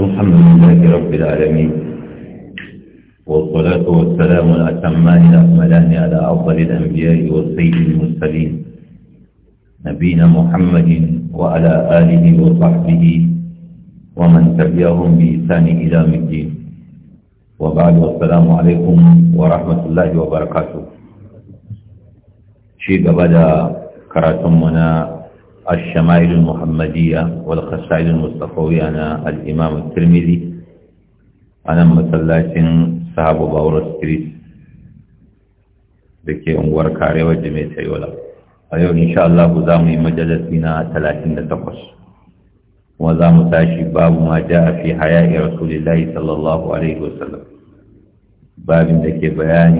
الحمد لله رب العالمين والصلاة والسلام الأتمان الأكملان على أفضل الأنبياء والسيد المرسلين نبينا محمد وعلى آله وصحبه ومن تبعهم بإحسان إلى الدين وبعد والسلام عليكم ورحمة الله وبركاته شيء بدأ كراتمنا الشمائل المحمدية والخسائل المصطفوية أنا الإمام الترمذي أنا مسلاة صحاب باور ستريت بكي أنور كاري وجميع سيولا أيوة إن شاء الله زامي مجلسنا ثلاثين تقص وزام تاشي باب ما جاء في حياء رسول الله صلى الله عليه وسلم باب ذكي بيان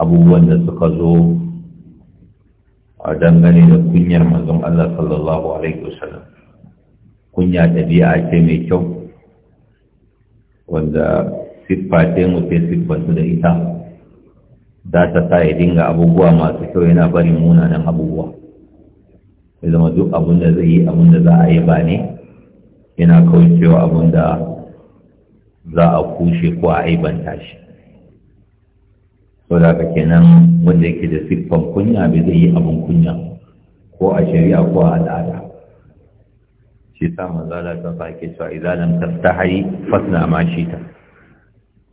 أبو وند سقزو a dangane da kunyar manzon Allah sallallahu alaihi wasallam kunya ɗabi'a ce mai kyau wanda siffa ce mutum da ita za ta sa ya dinga abubuwa masu kyau yana bari munanan abubuwa ya zama duk abin da zai yi abin da za a yi ba ne yana kaucewa abin da za a kushe ko a aibanta shi saboda da kenan wanda yake da siffan kunya bai zai yi abin kunya ko a shari'a ko a al'ada shi sa manzala ta fake cewa idan tastahi fasna ma shi ta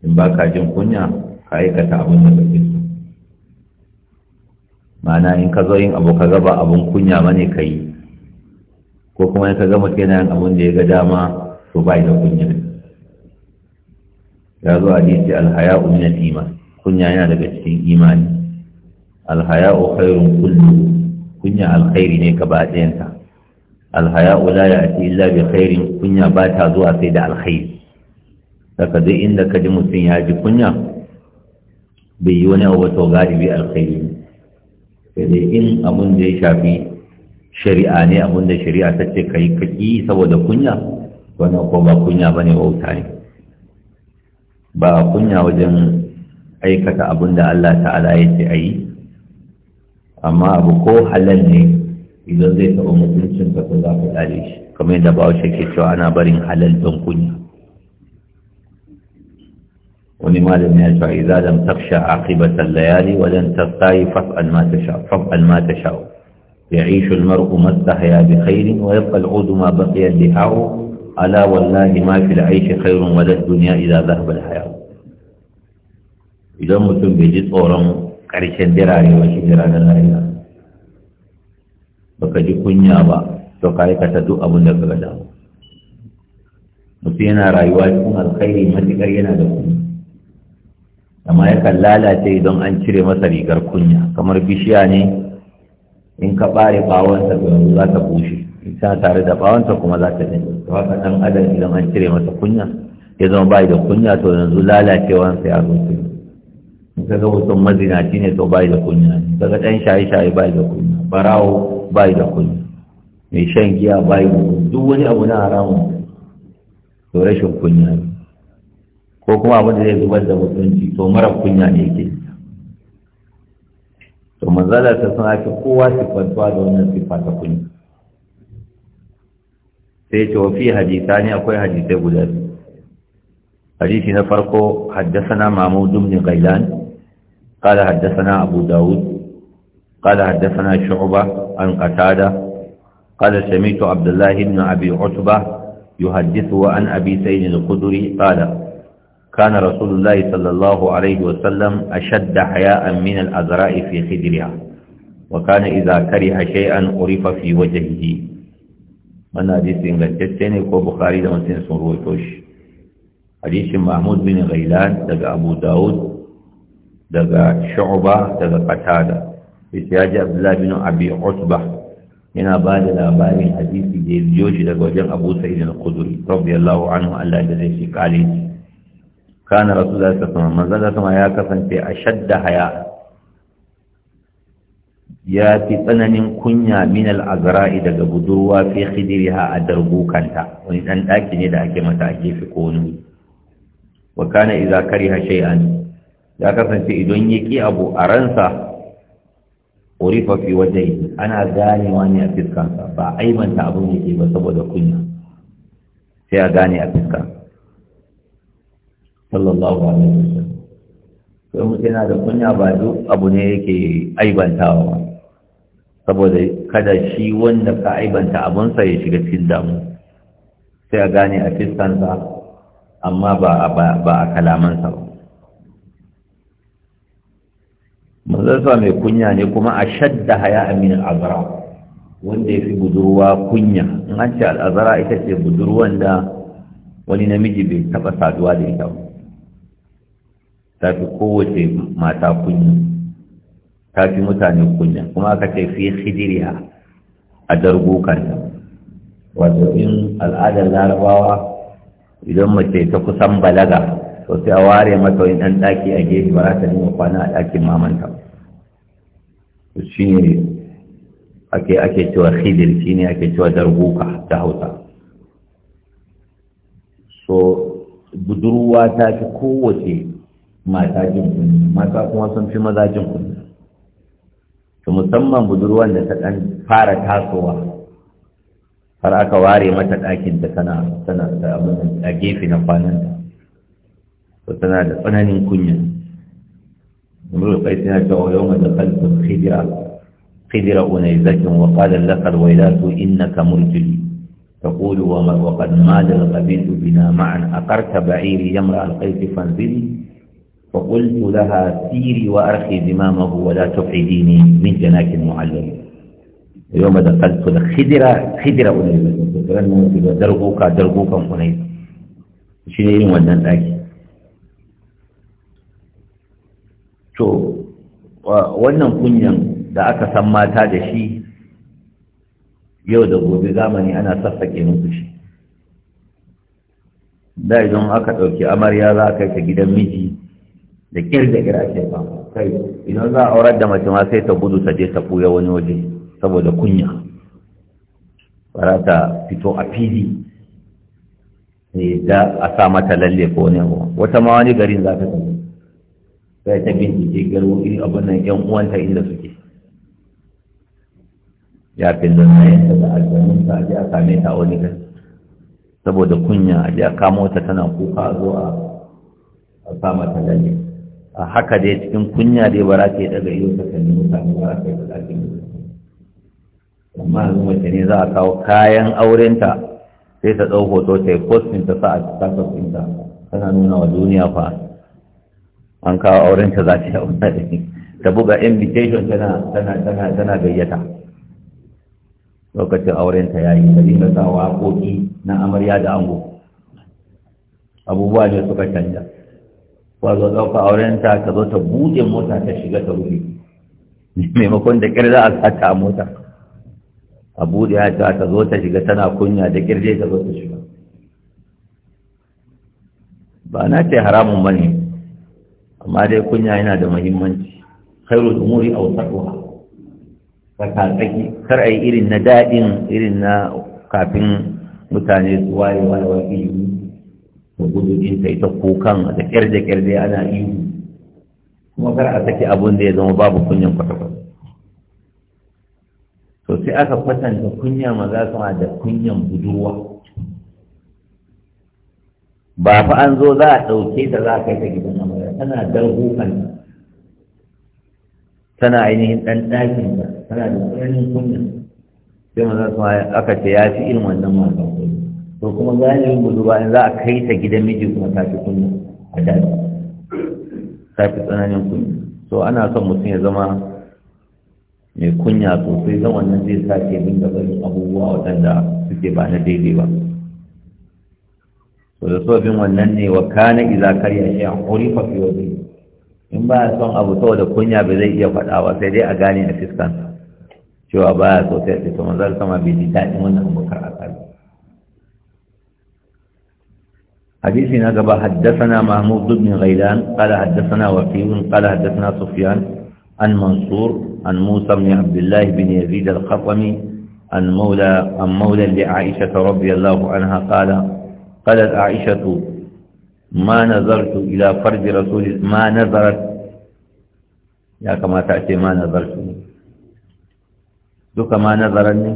in ba ka jin kunya ka aikata abin da kake so ma'ana in ka zo yin abu ka gaba abin kunya ne ka yi ko kuma in ka gama kenan abin da ya ga dama to bai da kunya ya zo dace alhaya'u min al-iman kunya yana daga cikin imani alhaya'u khairun kullu kunya alkhairi ne gaba ɗayanta alhaya'u la ya'ti illa bi khairin kunya ba ta zuwa sai da alkhairi daga duk inda ka ji mutum ya ji kunya bai yi wani abu to galibi alkhairi ne sai dai in abun da ya shafi shari'a ne abun da shari'a ta ce ka yi kaki saboda kunya wannan ko ba kunya ba ne wauta ne ba kunya wajen aikata abin da Allah ta'ala ya ce a yi amma abu ko halal ne idan zai taɓa mutuncin ka ko za ka tsare shi kamar yadda bahaushe ke cewa ana barin halal don kunya wani malami ya cewa idan zan tafsha aqibat al-layali wa lan tastahi fa'al ma tasha fa'al ma tasha يعيش المرء ما استحيا بخير ويبقى العود ما بقي اللحاء ألا والله ما في العيش خير ولا الدنيا إذا ذهب الحياة idan mutum bai ji tsoron ƙarshen birane ba shi ranar lahira baka ji kunya ba to ka aikata duk abin da ka damu mutum yana rayuwa cikin alkhairi matuƙar yana da kunya amma yakan lalace idan an cire masa rigar kunya kamar bishiya ne in ka ɓare ɓawonsa to yanzu za ta bushe ita tare da ɓawonta kuma za ta ɗanyi to haka ɗan adam idan an cire masa kunya ya zama ba da kunya to yanzu lalacewansa ya zo kunya ka ga mutum mazinaci ne to bai da kunya ka ga ɗan shaye-shaye bai da kunya barawo bai da kunya mai shan giya bai da kunya duk wani abu na haramun to rashin kunya ne ko kuma abin da zai zubar da mutunci to mara kunya ne yake to manzala ta sun ake kowa siffantuwa da wannan siffa ta kunya sai ce wa fi hadisa ne akwai hadisai guda biyu hadisi na farko haddasa na mamu dumni gailani قال حدثنا أبو داود قال حدثنا شعبة عن قتادة قال سميت عبد الله بن أبي عتبة يحدثه عن أبي سيد الخدري قال كان رسول الله صلى الله عليه وسلم أشد حياء من الأزراء في خدرها وكان إذا كره شيئا أرف في وجهه من حديث إنجلتستيني كو بخاري دمسين سنروي توش حديث محمود بن غيلان لك أبو داود daga shu'ba daga qatada yace ya ji abdullahi bin abi utba yana ba da labarin hadisi da biyo daga wajen abu sa'id al-khudri radiyallahu anhu Allah ya zai shi kale kana rasulullahi sallallahu alaihi wasallam manzo ya kasance a shadda haya ya fi tsananin kunya min al-azra'i daga budurwa fi khidriha a darbukanta wani ɗan ɗaki ne da ake mata a gefe ko wani wa kana iza kariha shay'an ya kasance idan ya ki abu a ransa orifa fi wajen ana gane wani a fiskansa ba aimanta abin yake ba saboda kunya sai a gane a fiska. sallallahu alaihi wasallam sai mutum yana da kunya ba duk abu ne yake aibantawa saboda kada shi wanda ka aibanta abunsa ya shiga cikin damu sai a gane a fiskansa amma ba a kalamansa ba manzansa mai kunya ne kuma a shadda haya amin azara wanda ya fi budurwa kunya in an ce al'azara ita ce budurwan da wani namiji bai taɓa saduwa da ita ta fi kowace mata kunya ta fi mutane kunya kuma aka ce fi hijiriya a dargukanta wato in al'adar larabawa idan mace ta kusan balaga to sai a ware mata wani ɗan ɗaki a gefe ba za ta dinga kwana a ɗakin mamanta to shi ne ake ake cewa khidir shi ne ake cewa darbuka ta hausa so budurwa ta fi kowace mata jin kunni mata kuma sun fi maza jin kunni to musamman budurwan da ta ɗan fara tasowa har aka ware mata ɗakin da tana tana a gefe na kwananta tana da tsananin kunya umar kai tana cewa yau ma da kalfin khidira khidira unaizatin wa qala laqad waylatu innaka murjili تقول وقد مال القبيل بنا معا أقرت بعيري يمرأ القيس فانزلي فقلت لها سيري وأرخي زمامه ولا تبعديني من جناك المعلم يوم دخلت خدرة خدرة أنيس دربوك دربوك أنيس شنو يوم ودنتاكي to wannan kunyan da aka san mata da shi yau da gobe zamani ana sassake musu shi da idan aka ɗauki amarya za a kai ta gidan miji da ƙir da kira ake ba kai idan za a aurar da mace ma sai ta gudu ta je ta ɓuya wani waje saboda kunya ba ta fito a fili eh, da a sa mata lalle ko wani wata ma wani garin za ta tafi sai ta bincike garwoyi abin nan yan uwanta inda suke ya fi da yanta da ta a a same ta wani gari saboda kunya a a kamo ta tana kuka zo a sa mata lalle a haka dai cikin kunya dai ba za ta yi daga yau ta kalli mutane ba za ta yi da amma yanzu mace ne za a kawo kayan aurenta sai ta ɗau hoto ta yi postin ta sa a cikin ɗinta tana nuna wa duniya fa an kawo auren ta za ta yi aure ta buga invitation tana tana tana tana gayyata lokacin auren ta yayi da dinga sa waƙoƙi na amarya da ango abubuwa ne suka canja ba zo ɗauka auren ta ka zo ta buɗe mota ta shiga ta rufe maimakon da ƙirza a sa ta mota a buɗe ya ta zo ta shiga tana kunya da ƙirje ta zo ta shiga ba na ce haramun ba ne amma dai kunya yana da muhimmanci khairu umuri sarwa saka tsaki kar ai irin na dadin irin na kafin mutane su waye waye wa ilimi din sai ta kukan da kyar da kyar dai ana yi kuma kar a saki abun da ya zama babu kunyan kwata-kwata to sai aka kwatanta kunya maza sama da kunyan budurwa ba fa an zo za a ɗauke ta za ka yi ta gidan amarya tana hukan tana ainihin dan ɗakin ta tana da tsananin kunya sai za su aka ce ya fi irin wannan mata to kuma galibin budurwa in za a kai ta gidan miji kuma ta fi kunya a daji ta fi tsananin kunya so ana son mutum ya zama mai kunya sosai zan wannan zai sa ke bin da bari abubuwa waɗanda suke ba na daidai ba to da sofin wannan ne wa kana iza karya shi a hurifa fi wajen in ba a son abu saboda kunya ba zai iya faɗa ba sai dai a gane a fiskan cewa ba a so sai ta manzar sama bai ji daɗin wannan abokar a tsari حديث نقب حدثنا محمود بن غيلان قال حدثنا وكيل قال حدثنا سفيان an منصور عن موسى bin عبد الله بن يزيد الخطمي an مولى عن مولى لعائشة رضي الله anha قال قالت عائشة ما نظرت إلى فرج رسول ما نظرت يا كما تأتي ما نظرت دوك ما نظرني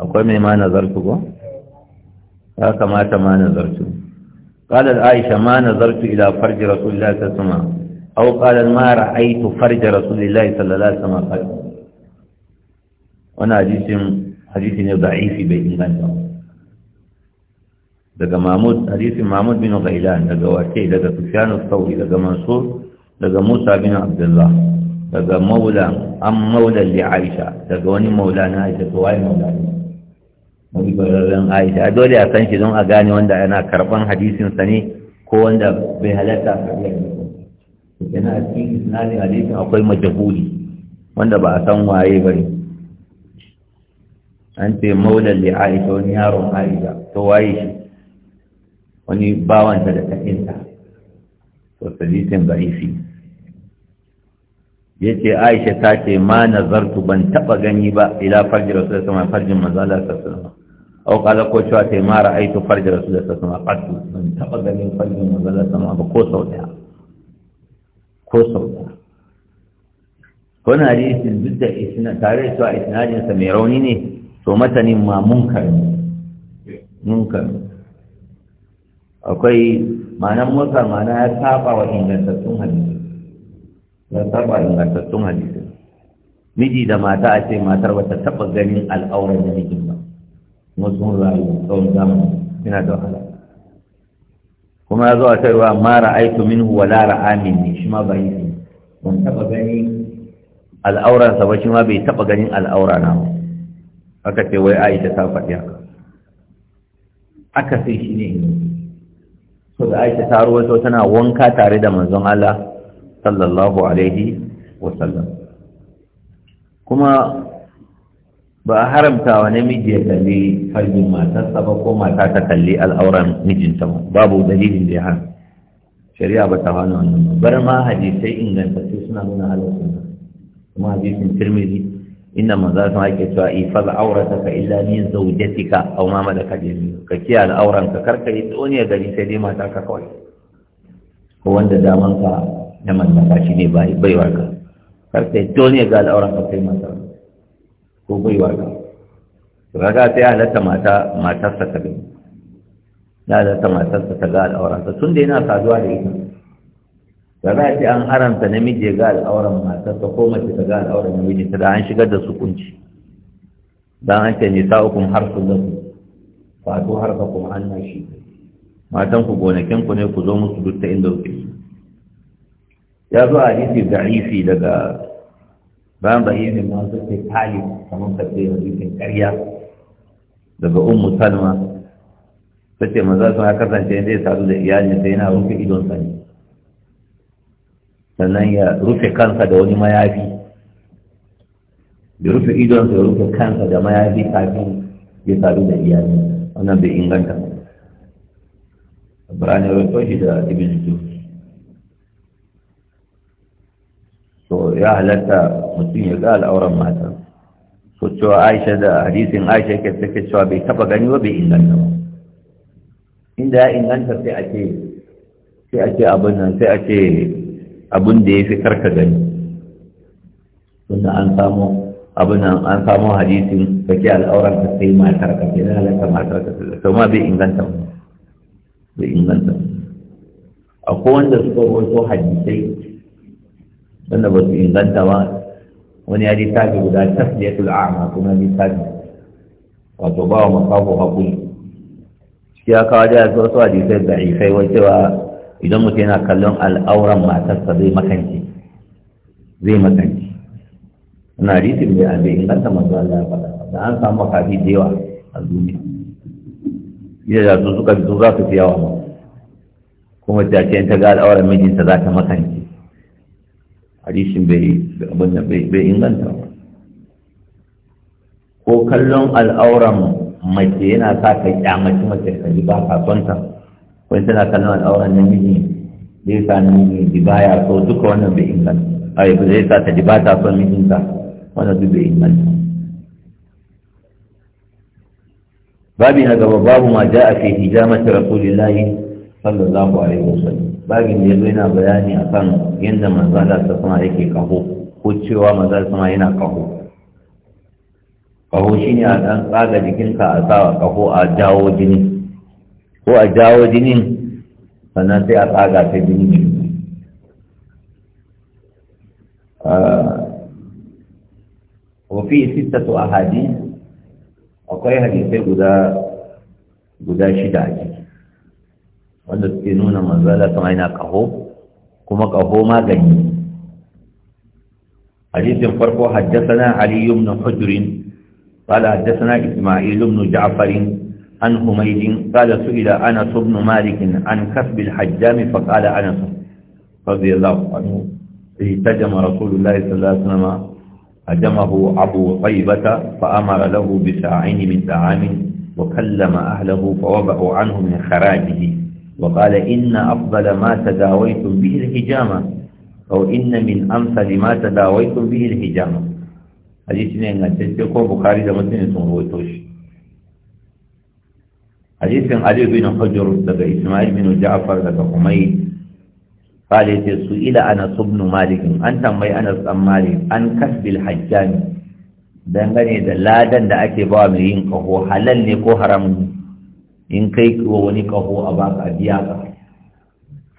أقول ما نظرت يا كما ma nazartu ko قالت عائشة ما نظرت إلى فرج رسول الله صلى الله عليه أو قالت ما رأيت فرج رسول الله صلى الله عليه وسلم قال وانا حديث حديث ضعيف بين بإنجان daga Mahmud hadisin Mahmud bin Ghailan daga wace daga Sufyan tsauri daga Mansur daga Musa bin Abdullah daga Maula an Maula li Aisha daga wani Maula na Aisha to wai Maula Wani bararren Aisha dole a san shi don a gane wanda yana karban hadisin sa ne ko wanda bai halatta a yana cikin isnadin hadisin akwai majahuli wanda ba a san waye ne? an ce Maula li Aisha wani yaron Aisha to waye shi wani bawan da da ta'inta to sadisin ba'ifi ya ce aisha ta ce ma nazartu ban taba gani ba ila farji rasu da sama farjin mazala manzala sassanama au kala ko cewa ta mara aitu farji rasu da sassanama fatu ban taba gani farjin mazala manzala sama ba ko sau ɗaya ko sau ɗaya wani hadisin duk da tare da cewa isnadinsa mai rauni ne to matanin ma munkar munkar akwai ma'anar musa ma'ana ya saba wa ingantattun hadisi ya saba ingantattun hadisi miji da mata a ce matar ba ta taɓa ganin al'aurar da mijin ba wasu rayu tsawon zamani yana da wahala kuma ya zo a cewa ma ra'aitu minhu wala ra'amin ne shi ma ba yi ban taɓa ganin al'auransa ba shi ma bai taɓa ganin al'aura na ba aka ce wai aisha ta faɗi haka aka sai shi ne to da ake ta ruwaito tana wanka tare da manzon Allah sallallahu alaihi wasallam kuma ba a haramta wa namiji ya kalli farjin matarsa ba ko mata ta kalli al'auran mijinta ba babu dalilin da ya haram shari'a ba ta hana wannan bar ma hadisai ingantattu suna nuna sunna kuma hadisin tirmidhi inda za sun ake cewa ifal aurata ka illa ni zawjatika aw ma malaka yamin ka kiya al'auran ka karka yi tsoni ya gari sai dai mata ka kawai ko wanda daman ka na mallaka shi ne bai baiwar ka karka yi tsoni ga al'auran ka sai mata ko baiwar ka Raga sai halatta mata matarsa ta gani ya halatta matarsa ta ga al'auran ta tunda yana saduwa da ita da za a ce an haramta namiji ya ga al'auran ta, ko mace ta ga al'auran namiji ta da an shigar da su kunci dan an ce nisa'ukum to lakum fatu kuma anna shi matan ku gonakin ku ne ku zo musu duk ta inda kuke ya zo a hadisi da'ifi daga Ba bayyana ma su ce talib kamar ka ce hadisin ƙarya daga ummu salma ta ce maza sun kasance zai sadu da iyalin sai yana rufe idon sani sannan ya rufe kansa da wani mayafi ya rufe idonsa ya rufe kansa da mayafi kafin ya sadu da iyali wannan bai inganta Ibrahim ya rufe shi da ibi Jus so ya halatta mutum ya ga al'auran mata so cewa Aisha da hadisin Aisha ke take cewa bai taba gani ba bai inganta ba inda ya inganta sai a ce sai a ce abin nan sai a ce abin da ya fi karka gani tunda an samu abin an samu hadisin ka ke al'auran ka sai matar ka ke lalata matar ka to ma bai inganta mu bai inganta akwai wanda suka wato hadisai wanda ba su inganta ba wani ya tafi guda tasliyatul a'ma kuma tafi wato ba wa makafu hakuri shi ya kawo da wasu hadisai da ifai wai cewa idan mutum yana kallon al'auran matarsa zai makanci. zai makanci na rikin mai abe inganta masu Allah ya faɗa da an samu makafi da yawa a duniya ita da su suka fi su za su fi yawa ba kuma ta ce ta ga al'auran mijinta za ta makanci. hadisin bai bai inganta ba ko kallon al'auran mace yana sa ka kyamaci mace ka ji ba ka son Wani tana kallon al'auran namiji zai sa namiji baya so duka wannan bai inganta a yi zai sa ta ta son mijinta wannan duk bai inganta babi na gaba babu ma ja a fi hijamati rasulillahi sallallahu alaihi wasallam babin da yazo yana bayani akan yadda manzo Allah ta sama yake kaho ko cewa manzo sama yana kaho kaho shine a dan tsaga jikinka a sawa kaho a jawo jini ko a jawo jinin sannan sai a tsaga ta jini ah, wafi to a hadi akwai hadisai guda guda shida a ciki wanda suke nuna manzala sun aina kaho kuma kaho magani hadisin farko haddasa na aliyu na hujjurin قال حدثنا إسماعيل بن جعفر عن حميد قال سئل أنس بن مالك عن كسب الحجام فقال أنس رضي الله عنه اهتجم رسول الله صلى الله عليه وسلم هجمه أبو طيبة فأمر له بساعين من طعام وكلم أهله فوضعوا عنه من خراجه وقال إن أفضل ما تداويتم به الحجامة أو إن من أمثل ما تداويتم به الحجامة حديثنا إن أتجدكم بخاري دمتين سنروي توشي hadisin Ali bin Hujr daga Ismail bin Ja'far daga Umayy kale ce su ila Anas ibn malikin. an tambayi Anas ibn Malik an kasbil hajjani dangane da ladan da ake ba mai yin kaho halal ne ko haram ne in kai wa wani kaho a baka biya ka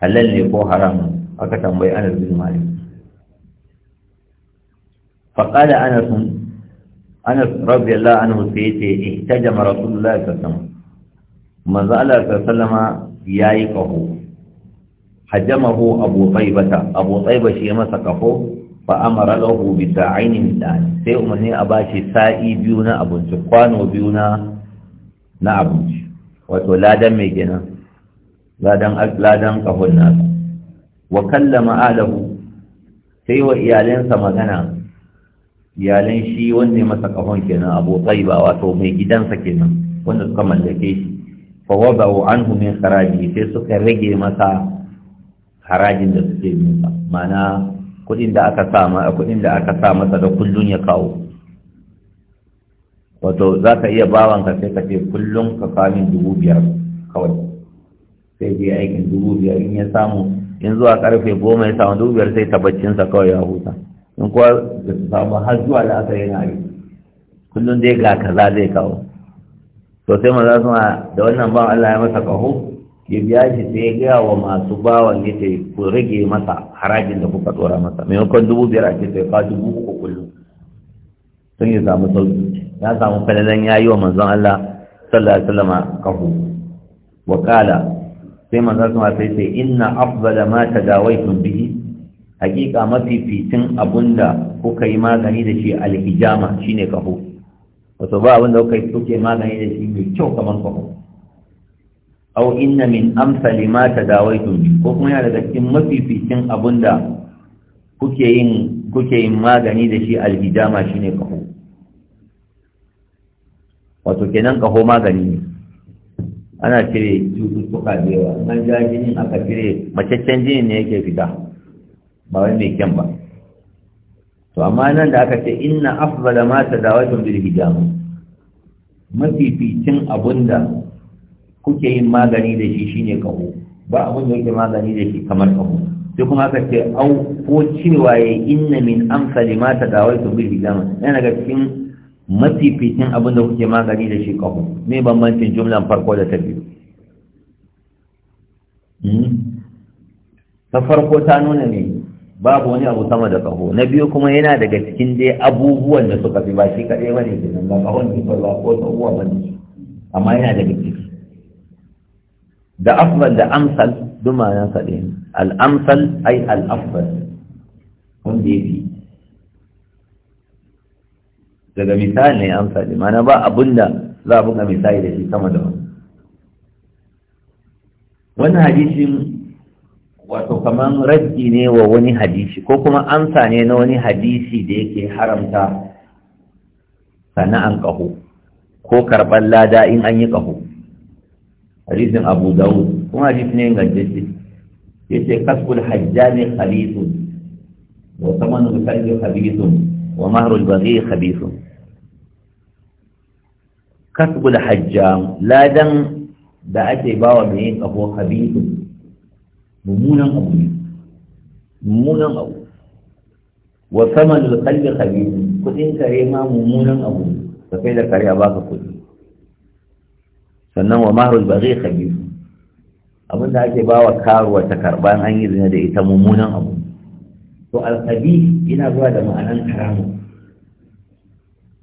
halal ne ko haram ne aka tambayi Anas bin Malik فقال أنس أنس رضي الله عنه سيتي احتجم رسول الله صلى الله عليه وسلم manzo Allah sallama yayi kaho hajamahu abu taibata abu taiba shi ya masa kaho fa amara lahu bi ta'ini dan sai umarni a bashi sa'i biyu na abinci kwano biyu na na abinci wato ladan mai gina ladan ladan kahon nasa wa kallama alahu sai wa iyalansa magana iyalan shi wanne masa kahon kenan abu taiba wato mai gidansa kenan wanda suka mallake shi fa wada'u anhu min kharaji sai suka rage masa harajin da suke masa mana kuɗin da aka sa ma kudin da aka sa masa da kullun ya kawo wato za ka iya ka sai ka ce kullun ka kawo dubu biyar kawai sai je aikin dubu biyar in ya samu in zuwa karfe goma ya samu dubu biyar sai tabbacinsa kawai ya huta in kuwa da su samu har zuwa da aka yana yi kullum dai ga kaza zai kawo to sai maza su da wannan ba Allah ya masa kaho ya biya shi sai ya gaya wa masu bawan ya ce ku rage masa harajin da kuka tsora masa maimakon dubu biyar a ce sai ka dubu uku kullum sun yi samu sauki ya samu falalan ya yi wa manzon Allah sallallahu alaihi wasallam kahu wa kala sai maza suna sai sai inna afdala ma tadawaitum bihi hakika mafificin abunda kuka yi magani da shi alhijama shine kahu wato ba abin da kuka kuke magani da shi mai kyau kamar kwakwa au inna min amsali ma tadawaitu ko kuma yana daga cikin mafificin abin da kuke yin kuke yin magani da shi alhijama shine kaho wato kenan kaho magani ne ana cire cututtuka da yawa nan ja jinin aka cire macaccen jinin ne yake fita ba wai mai kyan ba to amma nan da aka ce inna afdala ma tadawatu bil hijama mafificin abunda kuke yin magani da shi shine kaho ba abun da yake magani da shi kamar kaho sai kuma aka ce au ko cewa ya inna min amsali ma tadawatu bil hijama yana ga cikin mafificin abin abunda kuke magani da shi kaho me bambancin jumlan farko da ta biyu hmm? ta farko ta nuna ne babu wani abu sama da kaho na biyu kuma yana daga cikin dai abubuwan da suka fi ba shi kaɗai ba ne kenan ba kahon ne ba ko uwa ba ne amma yana daga ciki da afbal da amsal duma na kaɗai al'amsal ai al'afbal wanda ya fi daga misali ne amsali mana ba abin da za a buga misali da shi sama da wani wannan hadisin wato kaman raddi ne wa wani hadisi ko kuma amsa ne na wani hadisi da yake haramta sana'an kahu, ko karɓar lada in an yi kahu. hadisin abu dawud kuma hadisi ne jesse ya ce kaskul hajjami khalisun wa samanu kalbi khabisun wa mahrul baghi khabisun kaskul hajja ladan da ake bawa mai yin kahu khabisun mummunan abu ne mummunan abu wa sama da kalli kare kudin kare ma mummunan abu ne ka kai da kare a baka kudi sannan wa maharul ba zai kare abin da ake bawa karuwa ta karba an yi zina da ita mummunan abu to alkabi yana zuwa da ma'anan karamu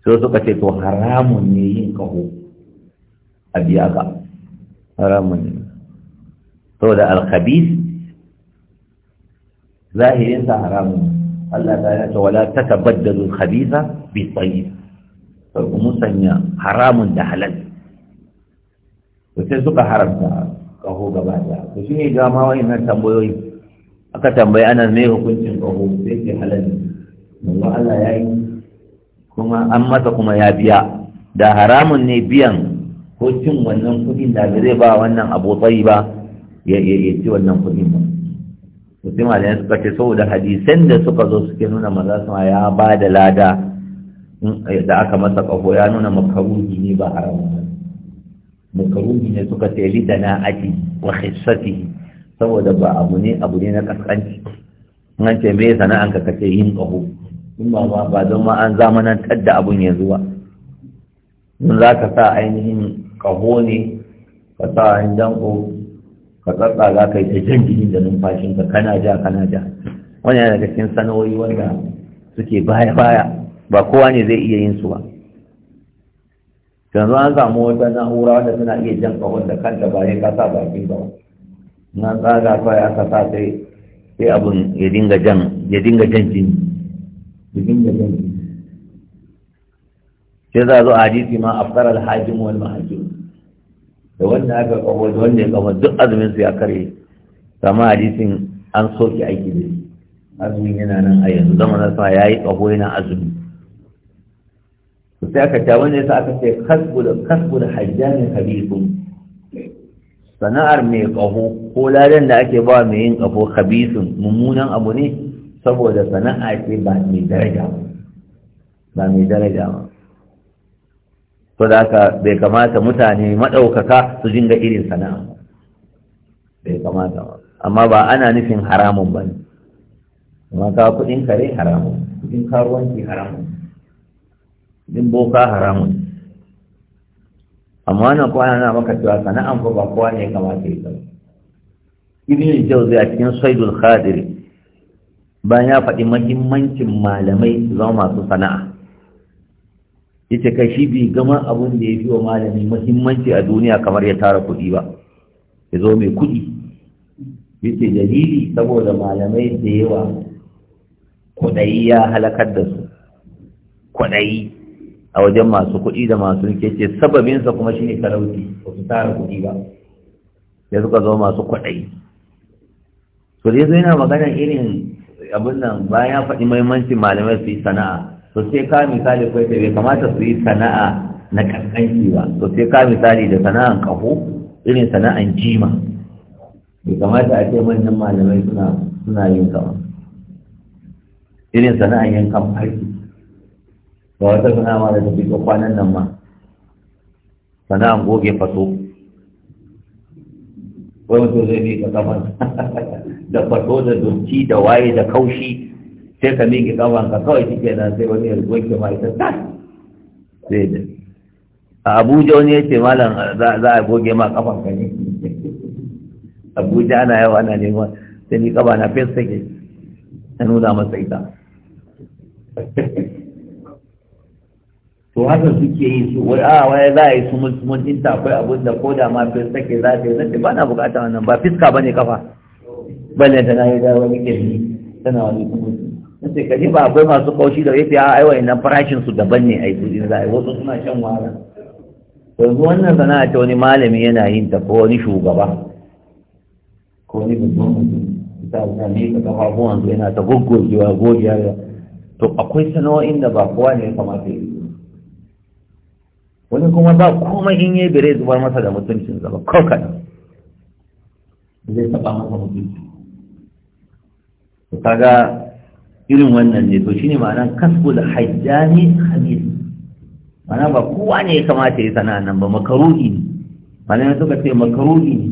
sai suka ce to haramun ne yin kaho a biya ka haramun ne saboda alkabis zahirin sa haramun Allah ta yana wala ta tatabaddalu khabitha bi tayyib sai kuma musanya haramun da halal to sai suka haramta kaho gaba da to shine ga ma wayannan tambayoyi aka tambayi ana ne hukuncin kaho sai ke halal ne Allah ya yi kuma an masa kuma ya biya da haramun ne biyan ko cin wannan kudin da zai ba wannan abu tsayi ba ya ci wannan kudin ba sai malayan suka ce saboda hadisan da suka zo suke nuna maza sama ya ba da lada da aka masa kafo ya nuna makaruhi ne ba haram makaruhi ne suka ce na aji wa hissati saboda ba abu ne abu ne na kaskanci an ce me sana'an ka kace yin kaho in ba ma ba don ma an zamanan tadda abun yanzu ba in za ka sa ainihin kaho ne ka sa ainihin danko ka tsatsa za ka yi ta jan jini da numfashinka kana ja kana ja wani yana cikin sana'o'i wanda suke baya baya ba kowa ne zai iya yin su ba yanzu an samu wata na'ura wanda suna iya jan kawon da kanta ba ya kasa bakin ba na tsaga kawai ya kasa sai sai abun ya dinga jan ya dinga jan jini ya dinga jan jini sai za a zo a hadisi ma afkar alhajim wal mahajin da wanda aka kawo da wanda ya kawo duk azumin su ya kare kama hadisin an soke aiki da azumin yana nan a yanzu zama na sa ya yi kawo yana azumi sai aka ta wanda yasa aka ce kasbu da kasbu habibu sana'ar mai kaho ko ladan da ake ba mai yin kaho habisun mummunan abu ne saboda sana'a ce ba mai daraja ba mai daraja ba so da haka bai kamata mutane maɗaukaka su dinga irin sana'a bai kamata ba amma ba ana nufin haramun ba ne amma ka kuɗin kare haramun kuɗin karuwanci haramun kuɗin boka haramun amma wannan ko ana maka cewa sana'an ko ba kowa ne ya kamata ya zama ibn jauzi a cikin saidul khadir bayan ya faɗi mahimmancin malamai zama masu sana'a yace kai shi bai gama abun da ya fi wa malami muhimmanci a duniya kamar ya tara kuɗi ba ya zo mai kuɗi yace dalili saboda malamai da yawa kuɗai ya halakar da su kwaɗayi a wajen masu kuɗi da masu kece sababinsa kuma shine talauci ba su tara kuɗi ba ya suka zo masu kuɗai. to dai yana magana irin abin nan bayan faɗi mahimmancin malamai su yi sana'a to sai ka misali kai sai bai kamata su yi sana'a na kankanci ba to sai ka misali da sana'an kaho irin sana'an jima bai kamata a ce manyan malamai suna suna yin kama irin sana'an yankan farki ba wata sana'a da ta fito kwanan nan ma sana'an goge faso wai mutum zai ne ka kafa da faso da doki da waye da kaushi sai ka miƙe ka kawai shi kenan sai wani ya wanke ma ita tas sai da a abuja wani ya ce malam za a goge ma ƙafanka ne abuja ana yawa ana neman sai ni ƙafa na fes take na nuna masa ita to haka suke yi su wai a wai za a yi su mun ta akwai abin da koda ma fes take za ta yi zai ba na bukata wannan ba fiska ba ne kafa balle da na yi da wani kirni tana wani kuma sai ka ji akwai masu kaushi da yafi a aiwa ina farashin su daban ne yi kudin za a wasu suna shan wahala yanzu wannan sana'a ta wani malami yana yin ta ko wani shugaba ko wani babban mutum ta ta ne ka kafafuwan su yana ta gogiya gogewa to akwai sana'o'in da ba kowa ne ya kamata ya yi wani kuma ba komai in yi bere zubar masa da mutuncin zaba ko kaɗan zai taba masa mutunci ga irin wannan ne to shine ma'anar kasbul hajjani khabir mana ba kowa ne ya kamata ya sana'a nan ba makaruhi ne mana suka ce makaruhi ne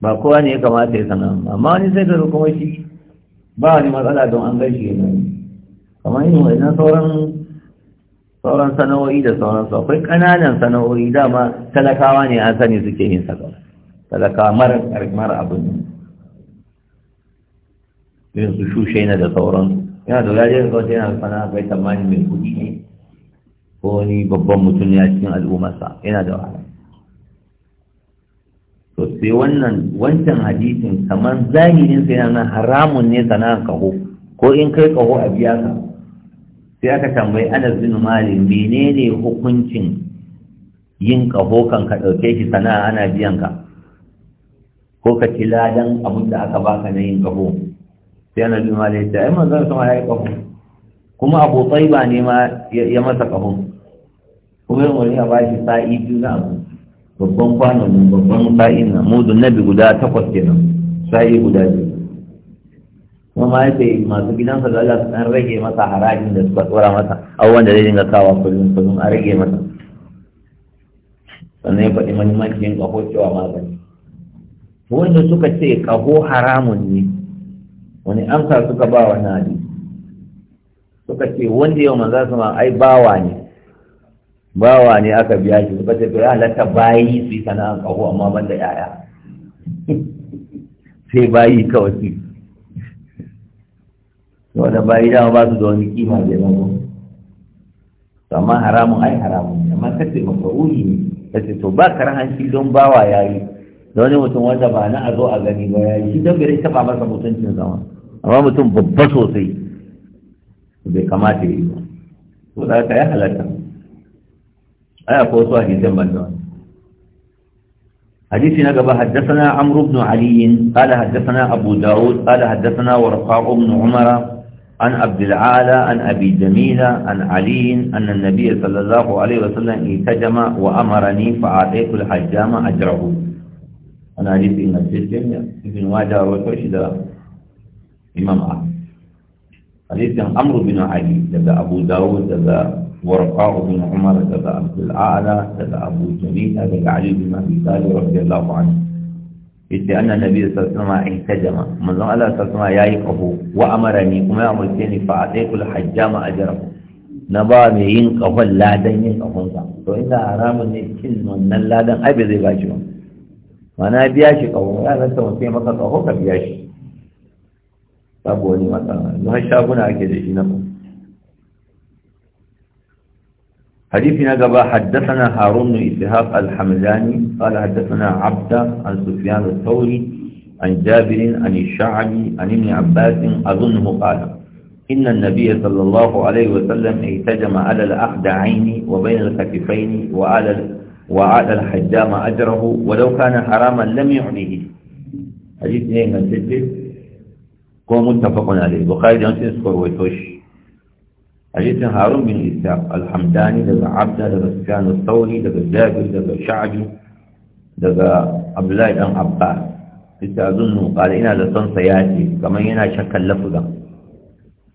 ba kowa ne ya kamata ya sana'a amma wani sai ka kuma shi ba wani matsala don an gaishe ne kamar yin wani sauran sauran sana'o'i da sauran su, akwai ƙananan sana'o'i dama talakawa ne an sani suke yin sakawa talakawa mara abin irin su shushe na da sauran yana da lajiyar kawai yana alfana bai tsammani mai kudi ne ko wani babban mutum ne a cikin al'ummarsa yana da wahala to sai wannan wancan hadisin kamar zahirin sai yana haramun ne sana'ar kaho ko in kai kaho a biya ka sai aka tambayi anas bin mali menene hukuncin yin kaho kan ka ɗauke shi sana'a ana biyan ka ko ka ci ladan abin da aka baka na yin kaho sai ana juma da ita ai manzon sama ya yi kahun kuma abu tsaiba ne ma ya masa kafu kuma yin wani ba shi sa'i biyu na abu babban kwano ne babban sa'i na mudun nabi guda takwas kenan sa'i guda biyu kuma ma ya ce masu gidansa da Allah an rage masa harajin da suka tsora masa abubuwan wanda zai dinga kawo kullum kullum a rage masa sannan ya faɗi mahimmancin ƙaho cewa magani wanda suka ce ƙaho haramun ne wani amsa suka ba wa na suka ce wanda yau manzo sama ai bawa ne bawa ne aka biya shi suka ce to ya halatta bayi su yi sana'an kaho amma ban da yaya sai bayi kawai su wanda bayi dama ba su da wani kima zai yawa to amma haramun ai haramun amma kace makaruhi ne kace to ba karhan shi don bawa yayi da wani mutum wanda ba na a zo a gani ba ya yi shi don bai taɓa masa mutuncin zama amma mutum babba sosai bai kamata ya yi ba to da ka ya halatta ai a akwai a hadisan ban da wani حديث نقب حدثنا عمرو بن علي قال حدثنا أبو داود قال حدثنا ورقاء بن عمر عن عبد العالى عن أبي جميلة عن علي أن النبي صلى الله عليه وسلم التجم وأمرني فأعطيت الحجام أجره wani hadisi ingantacce ne ibn waja wato shi da imam a hadisin amru bin ali daga abu dawud daga warqa bin umar daga abdul a'la daga abu jamila daga ali bin abi talib radiyallahu anhu yace anna nabiy sallallahu alaihi wasallam ihtajama manzon Allah sallallahu alaihi wasallam yayi kaho wa amarani kuma ya umarce ni fa ataitul hajjama ajrahu na ba mai yin kahon ladan yin kahonsa to ina haramun ne cin wannan ladan ai bai zai ba shi ba mana biya shi kawo ya zanta mutum ya maka kawo ka biya shi babu wani matsala zuwa shaguna ake da shi na ku حديث نقبة حدثنا هارون بن إسحاق الحمداني قال حدثنا عبد عن سفيان الثوري عن جابر عن الشعبي عن ابن عباس أظنه قال إن النبي صلى الله عليه وسلم اهتجم على الأخدعين وبين الكتفين وعلى وعاد الحجام أجره ولو كان حراما لم يعنيه حديث نين إيه من ستة كو متفق عليه بخاري جانس يذكر ويتوش حديث هارون بن إساق الحمداني لذا عبده لذا سكان الثوري لذا جابر لذا شعبي لذا عبد الله بن عباس استأذنه قال إنا هذا سياتي كما ينا شكا لفظا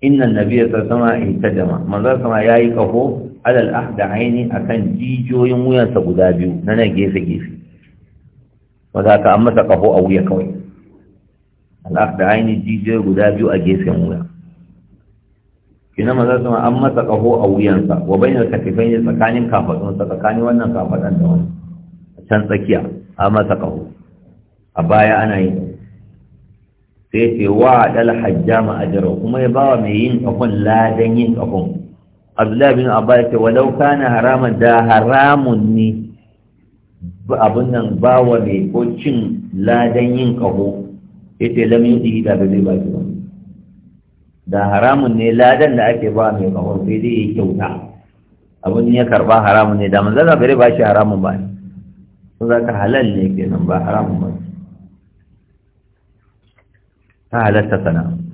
إن النبي صلى الله عليه وسلم اهتدم من ذا سما يأيكه alal ahda aini akan jijiyoyin wuyansa guda biyu na nan gefe gefe wanda ka an masa kaho a wuya kawai al ahda aini jijiyoyi guda biyu a gefen wuya kina maza su an masa kaho a wuyansa wa bayyana katifai ne tsakanin sa tsakanin wannan kafadan da wani A can tsakiya an masa kaho a baya ana yi sai ce wa dal hajjama ajra kuma ya bawa mai yin kafon ladan yin kafon abdullahi bin abba ce walau kana haramun da haramun ne abin nan bawa mai ko cin ladan yin kaho ya ce lamin yi da ba zai ba shi ba da haramun ne ladan da ake ba mai kaho sai dai ya kyauta abin ya karba haramun ne da manzan ba zai ba shi haramun ba ne sun za ka halal ne kenan ba haramun ba ta halatta sana'a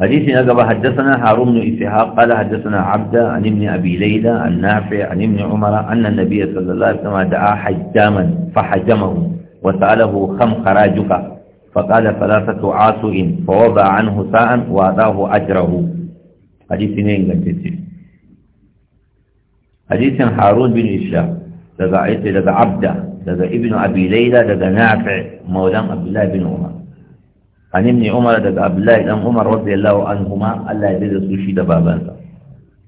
حديث قبل حدثنا هارون بن إسحاق قال حدثنا عبد عن ابن أبي ليلى عن نافع عن ابن عمر أن النبي صلى الله عليه وسلم دعا حجاما فحجمه وسأله خم خراجك فقال ثلاثة عاسع فوضع عنه ساء وأداه أجره حديث نين حديث هارون بن إسحاق لذا عبد لذا ابن أبي ليلى لذا نافع مولان عبد الله بن عمر an ne umar daga abdullahi dan umar an kuma Allah ya da su shi da babansa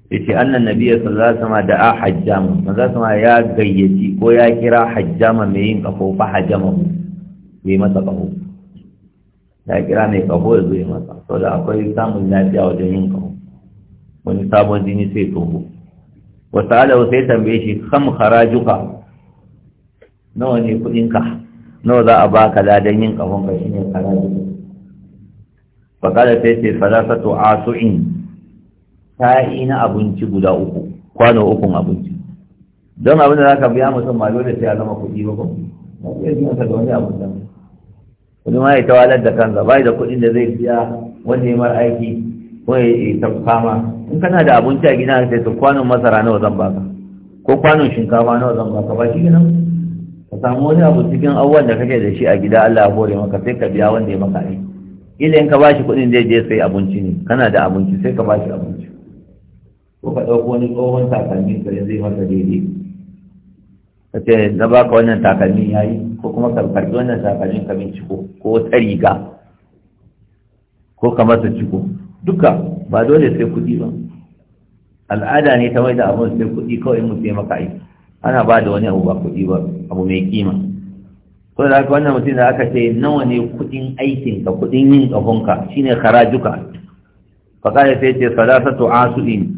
yace annan nabiyyi sallallahu alaihi wasallam da'a hajjam manzo ma ya gayyaci ko ya kira hajjama mai yin kafo fa hajjama mai masa kafo ya kira mai kafo ya zo masa da akwai samun lafiya wajen yin kafo wani sabon jini sai toho wasu alawa sai tambaye shi kam harajuka nawa ne kudinka nawa za a baka ladan yin kafonka shine harajuka faƙada sai ce salasatu asu'in yi na abinci guda uku kwano ukun abinci don abin da za ka biya mutum ma dole sai ya zama kuɗi ba ku ku iya biyan sa da wani abin da wani ma ya tawalar da kansa bai da kuɗin da zai biya wanda ya mara aiki ko ya ta kama in kana da abinci a gida sai su kwanon masara nawa zan baka ko kwanon shinkafa nawa zan baka ba shi nan ka samu wani abu cikin abubuwan da kake da shi a gida Allah ya hore maka sai ka biya wanda ya maka aiki kila in ka bashi kuɗin zai je sai abinci ne kana da abinci sai ka bashi abinci ko ka ɗauko wani tsohon takalmi ka zai masa daidai ka ce na baka wannan takalmin ya yi ko kuma ka karɓi wannan takalmin ka binciko ko ta riga ko ka masa ciko duka ba dole sai kuɗi ba al'ada ne ta mai da abin sai kuɗi kawai mu sai maka aiki ana ba da wani abu ba kuɗi ba abu mai kima ko da haka wannan mutum da aka ce nawa ne kudin aikin ka kudin yin kafon shine kharajuka fa kare sai ce salasatu asudin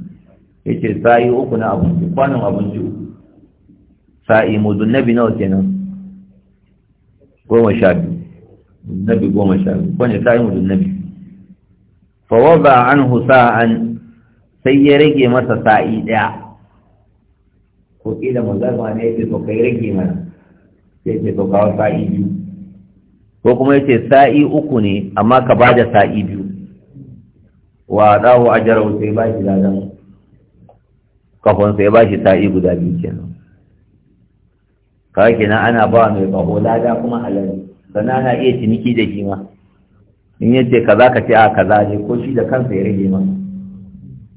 yace sai uku na abinci kwanan abinci sai mudun nabi nawa kenan goma sha biyu nabi goma sha biyu kwanan sai mudun nabi fa an anhu sa'an sai ya rage masa sa'i daya ko kila mu zama ne yake so kai rage mana sai to kawo sa'i biyu ko kuma yace sa'i uku ne amma ka ba da sa'i biyu wa dawo a jarau sai ba shi ladan kafon sai ba shi sa'i guda biyu kenan kawai kenan ana ba mai kaho lada kuma halali sannan ana iya ciniki da shi ma in yace kaza ka ce a kaza ne ko shi da kansa ya rage ma. masa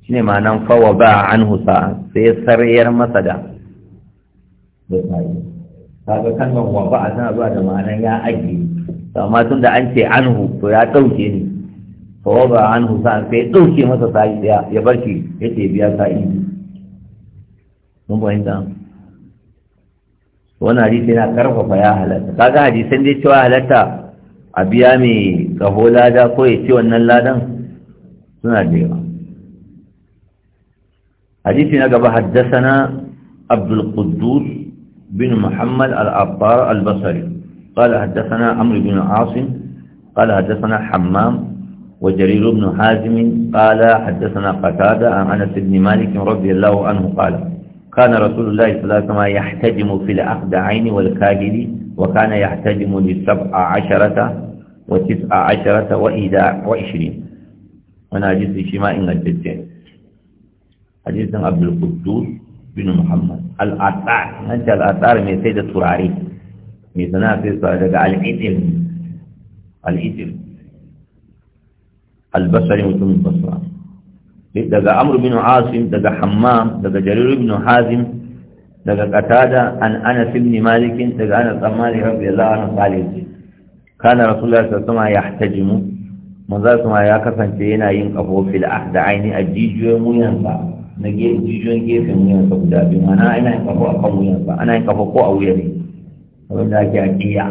shine ma'anan fawa ba an husa sai sarayar masa da da sa'i kaga kalmar wa a tana zuwa da ma'anar ya ajiye amma tun da an ce anhu to ya ɗauke ni fa wa ba anhu sa'an sai ya ɗauke masa sa'i ɗaya ya bar shi ya ce biya sa'i mun fahimta wannan hadisi yana karfafa ya halatta kaga hadisan dai cewa halatta a biya mai gaho lada ko ya ce wannan ladan suna da yawa hadisi na gaba haddasana na quddus بن محمد العطار البصري قال حدثنا عمرو بن عاصم قال حدثنا حمام وجرير بن حازم قال حدثنا قتادة عن أنس بن مالك رضي الله عنه قال كان رسول الله صلى الله عليه وسلم يحتجم في الأخدعين والكاجل وكان يحتجم للسبع عشرة وتسع عشرة وإحدى وعشرين أنا حديث شماء الجزء حديث عبد القدوس bin muhammad al'atar an ce al'atar mai sai da turare mai sana sai turare daga al'idir al'idir albasari mutumin basra daga amr bin asim daga hammam daga jarir bin hazim daga qatada an anas ibn malik daga anas ibn malik radiyallahu anhu qali kana rasulullah sallallahu alaihi wasallam yahtajimu manzo ya kasance yana yin kafo fil ahda aini ajijuwa muyansa na jijiyoyin gefen wuyansa guda biyu ana ina yin kafa a kan wuyansa ana yin kafa ko a wuya ne abin da ake aƙiya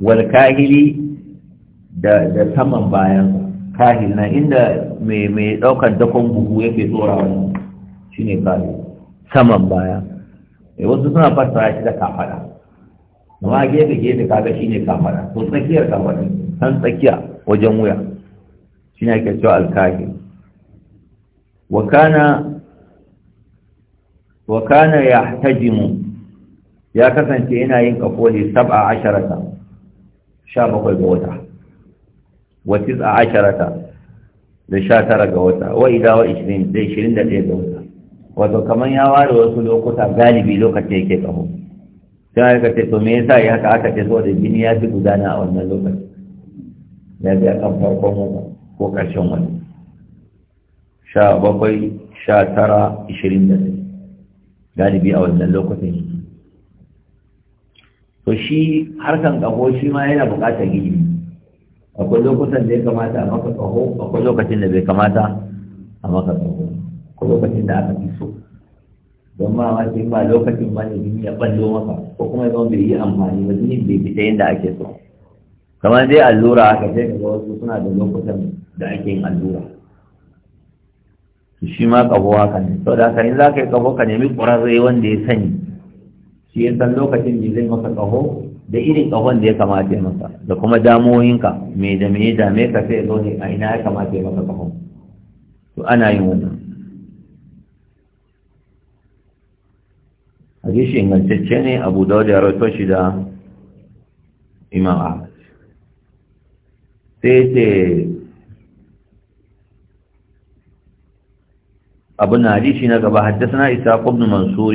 wal kahili da da saman bayan kahil na inda mai mai daukar dakon buhu yake tsora wani shine kahil saman baya e wasu suna fassara shi da kafada amma gefe gefe kaga shine kafada ko tsakiyar kafada san tsakiya wajen wuya shine ake cewa al kahil وكان وكان يحتجم يا ya kasance yana yin kafoli بوتا و sha bakwai ga wata wa tis'a asharata da sha tara ga wata da ga wata wato kamar ya ware wasu lokuta galibi lokaci yake kaho sai aka ce to me yasa ya haka aka ce da jini ya fi gudana a wannan lokaci ya biya ko karshen sha bakwai sha tara ishirin da ɗaya galibi a wannan lokacin yake to shi harkan ƙaho shi ma yana buƙatar gini akwai lokutan da ya kamata a maka ƙaho akwai lokacin da bai kamata a maka ƙaho ko lokacin da aka fi so don ma ma ce ba lokacin ba ne jini ya ɓallo maka ko kuma ya zama bai yi amfani ba jini bai fita yadda ake so kamar dai allura haka sai ka ga wasu suna da lokutan da ake yin allura shi ma ƙaho haka ne sau da haka in za ka yi kaho ka nemi ƙwararre wanda ya sani shi ya san lokacin da zai masa ƙaho da irin ƙahon da ya kamata ya masa, da kuma damoyinka mai da mai dame ka sai zo a ina ya kamata ya masa ƙaho to ana yin wannan hadisi ingantacce ne abu dawud ya rawaito shi da imam ahmad sai ce أبونا حديثنا قبا حدثنا إساق بن منصور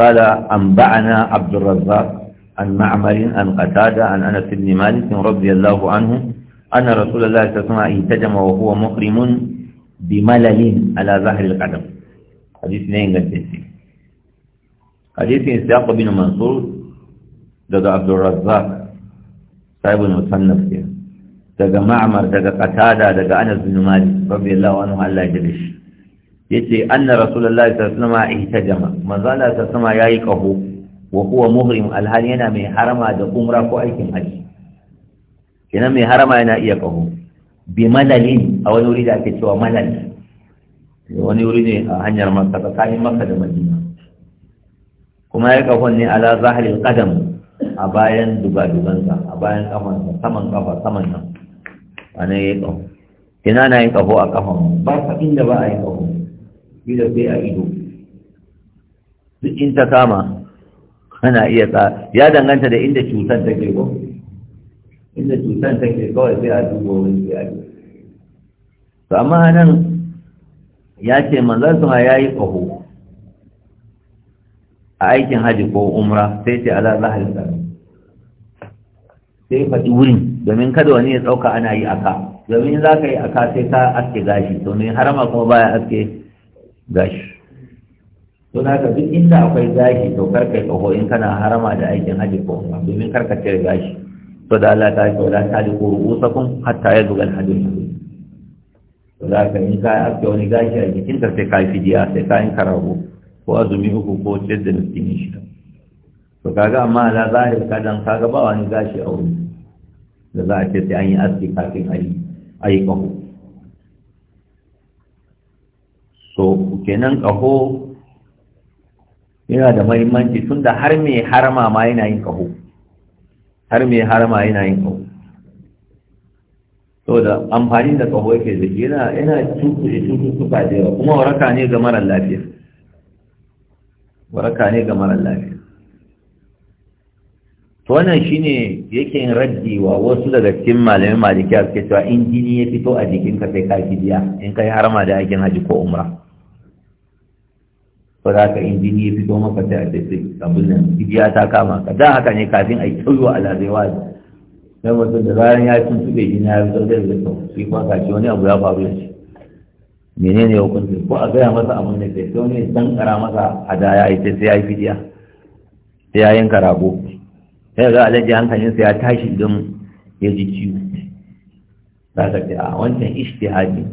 قال أنبعنا عبد الرزاق عن معمر عن قتادة عن أنس بن مالك رضي الله عنه أن رسول الله صلى الله عليه وسلم وهو محرم بملل على ظهر القدم حديث نين قدسي حديث إساق بن منصور لدى عبد الرزاق صاحب المصنف كده daga ma'amar daga Katada, daga anas bin allah wa anhu Allah ya jira shi yace anna rasulullahi sallallahu alaihi wasallam ihtajama manzo Allah sallallahu alaihi wasallam yayi kaho wa huwa muhrim alhal yana mai harama da umra ko aikin haji kenan mai harama yana iya kaho. bi malalin a wani wuri da ake cewa malal wani wuri ne a hanyar makka tsakanin makka da madina kuma ya kahon ne ala zahril qadam a bayan dubadubansa a bayan kafansa saman kafa saman nan a ya yi ƙaho ina na yi ƙaho a ƙafan ba ta inda ba a yi ƙaho ido sai a ido duk in ta kama Kana iya sa ya danganta da inda cutar take ko inda cutar take kawai sai a dubo wani sai a yi. to amma nan ya ce manzon sama ya yi ƙaho a aikin hajji ko umra sai ce ala zahar sai faɗi wurin domin kada wani ya ɗauka ana yi aka domin za ka yi aka sai ka aske gashi to ne harama kuma baya aske gashi to na ka duk inda akwai gashi to karka tsoho in kana harama da aikin hajji ko domin karka cire gashi to da Allah ta yi da ta li kun hatta yadgha al-hadith to da ka in ka aske wani gashi a jikin ka sai ka yi fidiya sai ka yi karago ko azumi uku ko cedda da cikin shi to kaga amma ala zahir kadan kaga ba wani gashi a wuri da za a ce sai an yi aski kafin a yi ƙaho so kenan ƙaho yana da mahimmanci tun da har mai harama ma yana yin ƙaho har mai harama yana yin ƙaho so da amfani da ƙaho yake zai yana yana cukuɗe cututtuka da kuma waraka ne ga marar lafiya waraka ne ga marar lafiya to wannan shine yake yin raddi wa wasu daga cikin malamin a suke cewa in jini ya fito a jikinka sai ka fidiya in kai harama da aikin haji ko umra Ko za ka in jini ya fito maka sai a ce sai abin nan fidiya ta kama ka dan haka ne kafin a yi kyauwa alazaiwa sai mutum da bayan ya cin tuɓe jini ya fito zai zai kyau shi kuma ce wani abu ya faru da shi menene hukunci ko a gaya masa abin da sai sai wani dan kara masa hadaya ya ce sai ya yi fidiya sai ya yanka rago sai ga alaji hankalinsa ya tashi idan ya ji ciwo za ka ce a wancan ishtihadi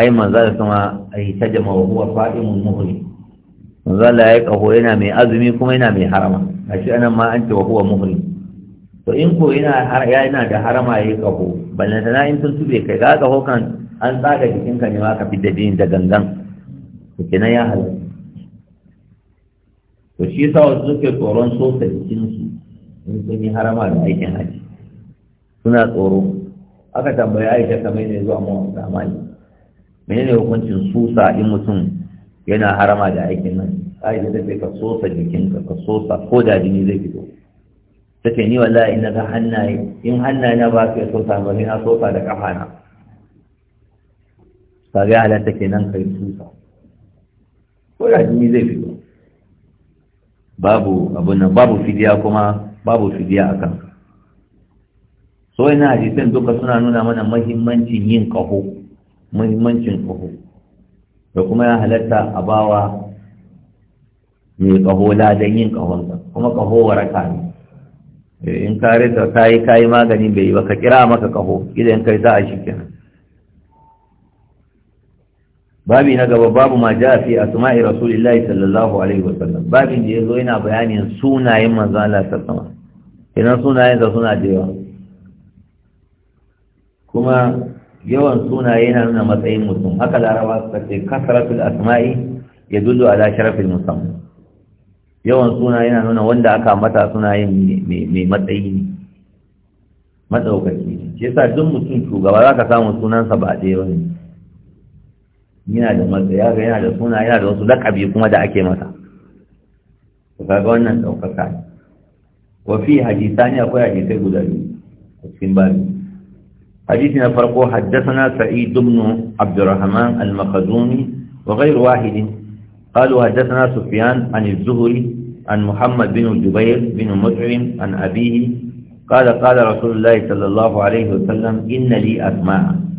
ai za ta sama yi ta jama wa huwa fa'imun man za Allah ya kaho yana mai azumi kuma yana mai harama gashi anan ma an ce wa huwa muhri. to in ko yana yana da harama ya yi kaho na in sun tube kai ga kaho kan an tsaga jikinka ne ma ka fidda jini da gangan to kenan ya halatta to shi yasa wasu suke tsoron sosa jikinsu in sun yi harama da aikin haji suna tsoro aka tambayi aisha kamar ne zuwa mu zamani ne hukuncin susa in mutum yana harama da aikin nan aisha ta ce ka sosa jikinka ka sosa ko da jini zai fito ta ce ni wala in ga hannaye in hannaye na ba su ya sosa ba ni na sosa da na ka ga halatta nan kai susa ko da jini zai fito babu abu nan babu fidiya kuma babu fidiya a kanka so yana hadisan duka suna nuna mana mahimmancin yin kaho mahimmancin kaho da kuma ya halatta a bawa mai kaho ladan yin kahonsa kuma kaho waraka ne eh, in ka yi kayi yi magani bai yi ba ka kira maka kaho idan kai za a shi kenan babi na gaba babu ma ja fi asma'i rasulillahi sallallahu alaihi wasallam babin da yazo yana bayanin sunayen manzo Allah sallallahu alaihi idan sunayen da suna da yawa kuma yawan sunaye yana nuna matsayin mutum haka larawa suka ce kasratul asma'i yadullu ala sharafil musamman yawan suna yana nuna wanda aka mata sunayen mai matsayi ne matsaukaki shi yasa duk mutum shugaba za ka samu sunansa ba ɗaya ba ne yana da matsaya ga yana da suna yana da wasu lakabi kuma da ake masa to kaga wannan daukaka ne wa fi hadisani akwai hadisai guda biyu a cikin babu hadisi na farko haddasana sa'id ibn abdurrahman al-makhzumi wa ghayr wahid قالوا حدثنا سفيان عن الزهري عن محمد بن جبير بن مطعم عن أبيه قال قال رسول الله صلى الله عليه وسلم إن لي أسماء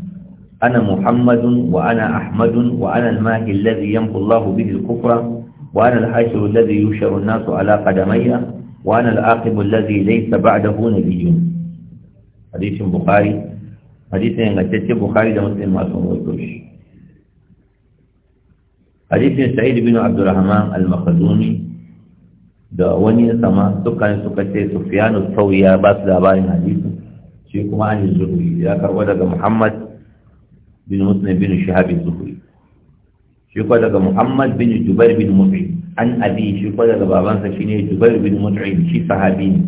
أنا محمد وأنا أحمد وأنا الماهي الذي يمحو الله به الكفر وأنا الحاشر الذي يشر الناس على قدمي وأنا الآقب الذي ليس بعده نبي حديث بخاري حديث ينغتت بخاري ده مسلم معصوم ويكوش حديث سعيد بن عبد الرحمن المخزوني da wani sama dukkan suka ce Sufyan al-Thawri ya ba su labarin hadisi shi kuma an yi zuhuri ya karbo daga Muhammad bin muslim bin shihab zuhri shi ko daga muhammad bin jubair bin mut'im an abi shi ko daga babansa shine jubair bin mut'im shi sahabi ne